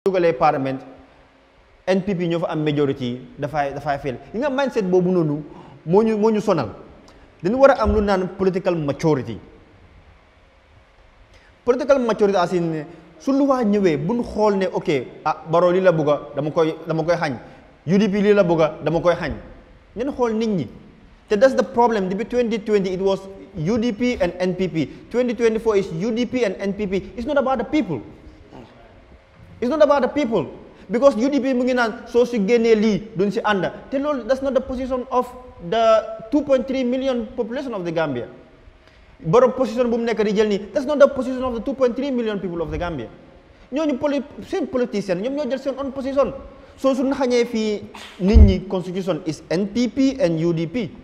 dugalee parlement NPP ñoo fa am majority dafay dafay fel yi nga mindset boobu noonu moo ñu moo ñu sonal dañu war a am lu naan political maturity political maturity asin su lu waa ñëwee bu xool ne ok ah Barrow lii la bëgga dama koy dama koy xañ UDP lii la bëgga dama koy xañ ngeen xool nit ñi te that's the problem depuis 2020 it was UDP and NPP 2024 is UDP and NPP it's not about the people it's not about the people because UDP mu ngi naan soo si génnee lii duñ si ànd te loolu that's not the position of the 2.3 million population of the Gambia borom position bu mu nekk di jël nii that's not the position of the 2.3 million people of the Gambia ñooñu poli seen politicien ñoom ñoo jël seen own position soo su naxañee fii nit ñi constitution is NPP and UDP